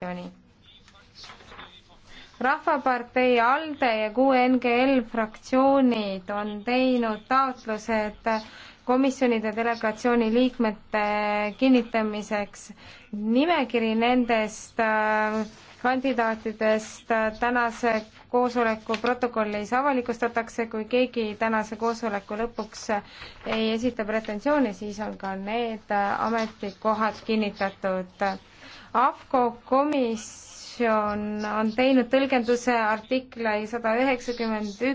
fraktsiooni. rahvapartei ALDE ja QNGL fraktsioonid on teinud taotlused komisjonide delegatsiooni liikmete kinnitamiseks. nimekiri nendest äh, kandidaatidest tänase koosoleku protokollis avalikustatakse, kui keegi tänase koosoleku lõpuks ei esita pretensioone, siis on ka need ametikohad kinnitatud AFCO komisjon on teinud tõlgenduse artikli sada üheksakümmend üks